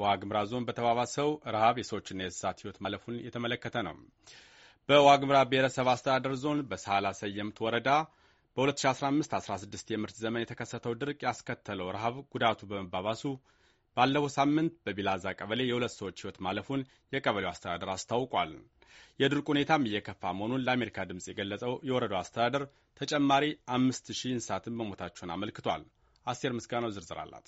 በዋግምራ ዞን በተባባሰው ረሃብ የሰዎችና የእንስሳት ሕይወት ማለፉን የተመለከተ ነው። በዋግምራ ብሔረሰብ አስተዳደር ዞን በሳላ ሰየምት ወረዳ በ2015/16 የምርት ዘመን የተከሰተው ድርቅ ያስከተለው ረሃብ ጉዳቱ በመባባሱ ባለፈው ሳምንት በቢላዛ ቀበሌ የሁለት ሰዎች ሕይወት ማለፉን የቀበሌው አስተዳደር አስታውቋል። የድርቅ ሁኔታም እየከፋ መሆኑን ለአሜሪካ ድምፅ የገለጸው የወረዳው አስተዳደር ተጨማሪ አምስት ሺህ እንስሳትን መሞታቸውን አመልክቷል። አስቴር ምስጋናው ዝርዝር አላት።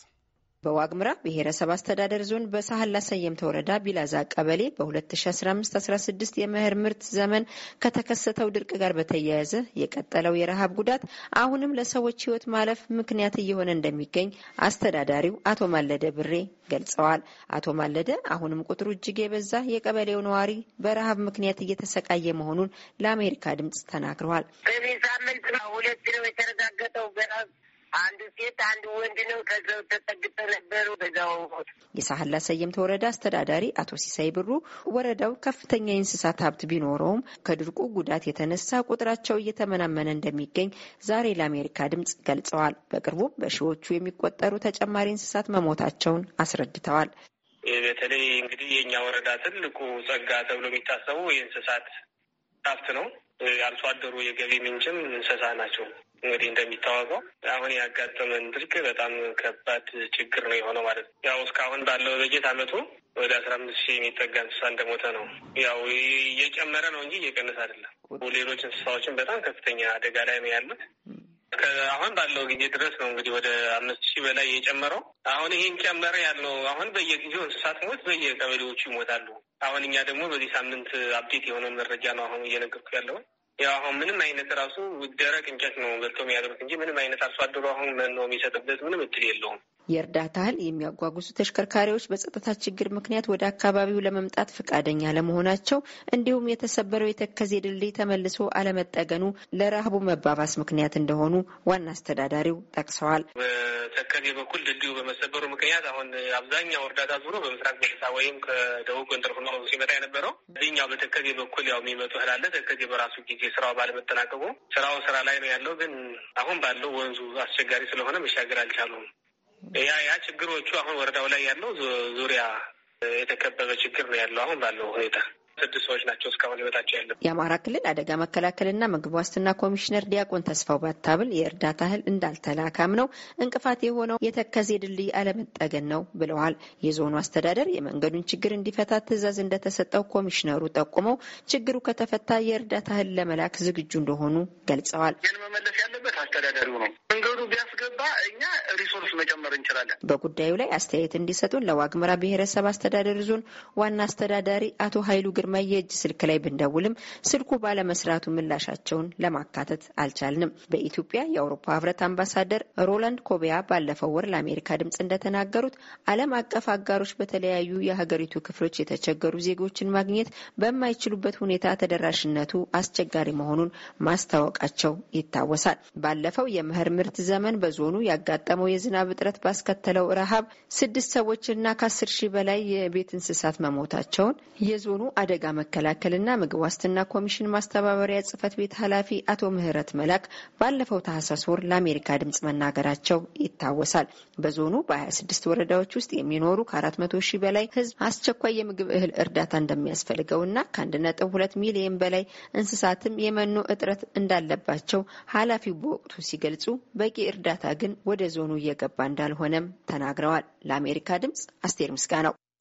በዋግምራ ብሔረሰብ አስተዳደር ዞን በሳህል ሰየምት ወረዳ ቢላዛ ቀበሌ በ2015/16 የመኸር ምርት ዘመን ከተከሰተው ድርቅ ጋር በተያያዘ የቀጠለው የረሃብ ጉዳት አሁንም ለሰዎች ሕይወት ማለፍ ምክንያት እየሆነ እንደሚገኝ አስተዳዳሪው አቶ ማለደ ብሬ ገልጸዋል። አቶ ማለደ አሁንም ቁጥሩ እጅግ የበዛ የቀበሌው ነዋሪ በረሃብ ምክንያት እየተሰቃየ መሆኑን ለአሜሪካ ድምጽ ተናግረዋል። በዚህ ሳምንት ሁለት ነው የተረጋገጠው አንድ ሴት አንዱ ወንድ ነው። ከዛው ተጠግተው ነበሩ። በዛው የሳህላ ሰየምተ ወረዳ አስተዳዳሪ አቶ ሲሳይ ብሩ ወረዳው ከፍተኛ የእንስሳት ሀብት ቢኖረውም ከድርቁ ጉዳት የተነሳ ቁጥራቸው እየተመናመነ እንደሚገኝ ዛሬ ለአሜሪካ ድምጽ ገልጸዋል። በቅርቡም በሺዎቹ የሚቆጠሩ ተጨማሪ እንስሳት መሞታቸውን አስረድተዋል። በተለይ እንግዲህ የእኛ ወረዳ ትልቁ ጸጋ ተብሎ የሚታሰቡ የእንስሳት ሀብት ነው። የአርሶ አደሩ የገቢ ምንጭም እንስሳ ናቸው። እንግዲህ እንደሚታወቀው አሁን ያጋጠመን ድርቅ በጣም ከባድ ችግር ነው የሆነው ማለት ነው። ያው እስካሁን ባለው በጀት አመቱ ወደ አስራ አምስት ሺህ የሚጠጋ እንስሳ እንደሞተ ነው። ያው እየጨመረ ነው እንጂ እየቀነሰ አይደለም። ሌሎች እንስሳዎችን በጣም ከፍተኛ አደጋ ላይ ነው ያሉት። አሁን ባለው ጊዜ ድረስ ነው እንግዲህ ወደ አምስት ሺህ በላይ እየጨመረው አሁን ይሄን ጨመረ ያለው አሁን በየጊዜው እንስሳት ሞት በየቀበሌዎቹ ይሞታሉ። አሁን እኛ ደግሞ በዚህ ሳምንት አብዴት የሆነ መረጃ ነው አሁን እየነገርኩ ያለውን ያው አሁን ምንም አይነት ራሱ ደረቅ እንጨት ነው ገብቶ የሚያደርጉት እንጂ ምንም አይነት አርሶ አደሩ አሁን መኖ የሚሰጥበት ምንም እድል የለውም። የእርዳታ እህል የሚያጓጉዙ ተሽከርካሪዎች በጸጥታ ችግር ምክንያት ወደ አካባቢው ለመምጣት ፈቃደኛ ለመሆናቸው እንዲሁም የተሰበረው የተከዜ ድልድይ ተመልሶ አለመጠገኑ ለረሃቡ መባባስ ምክንያት እንደሆኑ ዋና አስተዳዳሪው ጠቅሰዋል። በተከዜ በኩል ድልድዩ በመሰበሩ ምክንያት አሁን አብዛኛው እርዳታ ዙሮ በምስራቅ በልሳ ወይም ከደቡብ ጎንደር ሆኖ ሲመጣ የነበረው እዚህኛው በተከዜ በኩል ያው የሚመጡ እህል አለ። ተከዜ በራሱ ጊዜ ጊዜ ስራው ባለመጠናቀቁ ስራው ስራ ላይ ነው ያለው። ግን አሁን ባለው ወንዙ አስቸጋሪ ስለሆነ መሻገር አልቻሉም። ያ ያ ችግሮቹ አሁን ወረዳው ላይ ያለው ዙሪያ የተከበበ ችግር ነው ያለው አሁን ባለው ሁኔታ ስድስት ሰዎች ናቸው እስካሁን ህይወታቸው ያለ። የአማራ ክልል አደጋ መከላከልና ምግብ ዋስትና ኮሚሽነር ዲያቆን ተስፋው ባታብል የእርዳታ እህል እንዳልተላካም ነው እንቅፋት የሆነው የተከዜ ድልድይ አለመጠገን ነው ብለዋል። የዞኑ አስተዳደር የመንገዱን ችግር እንዲፈታ ትዕዛዝ እንደተሰጠው ኮሚሽነሩ ጠቁመው ችግሩ ከተፈታ የእርዳታ እህል ለመላክ ዝግጁ እንደሆኑ ገልጸዋል። ይህን መመለስ ያለበት አስተዳደሩ ነው። መንገዱ ቢያስገባ እኛ ሪሶርስ መጨመር እንችላለን። በጉዳዩ ላይ አስተያየት እንዲሰጡን ለዋግምራ ብሔረሰብ አስተዳደር ዞን ዋና አስተዳዳሪ አቶ ኃይሉ ግርማ ግርማ የእጅ ስልክ ላይ ብንደውልም ስልኩ ባለመስራቱ ምላሻቸውን ለማካተት አልቻልንም። በኢትዮጵያ የአውሮፓ ህብረት አምባሳደር ሮላንድ ኮቢያ ባለፈው ወር ለአሜሪካ ድምጽ እንደተናገሩት ዓለም አቀፍ አጋሮች በተለያዩ የሀገሪቱ ክፍሎች የተቸገሩ ዜጎችን ማግኘት በማይችሉበት ሁኔታ ተደራሽነቱ አስቸጋሪ መሆኑን ማስታወቃቸው ይታወሳል። ባለፈው የመኸር ምርት ዘመን በዞኑ ያጋጠመው የዝናብ እጥረት ባስከተለው ረሃብ ስድስት ሰዎችና ከአስር ሺህ በላይ የቤት እንስሳት መሞታቸውን የዞኑ አደ አደጋ መከላከልና ምግብ ዋስትና ኮሚሽን ማስተባበሪያ ጽህፈት ቤት ኃላፊ አቶ ምህረት መላክ ባለፈው ታህሳስ ወር ለአሜሪካ ድምጽ መናገራቸው ይታወሳል። በዞኑ በ26 ወረዳዎች ውስጥ የሚኖሩ ከ400 ሺህ በላይ ህዝብ አስቸኳይ የምግብ እህል እርዳታ እንደሚያስፈልገው እና ከ1.2 ሚሊዮን በላይ እንስሳትም የመኖ እጥረት እንዳለባቸው ኃላፊው በወቅቱ ሲገልጹ በቂ እርዳታ ግን ወደ ዞኑ እየገባ እንዳልሆነም ተናግረዋል። ለአሜሪካ ድምጽ አስቴር ምስጋ ነው።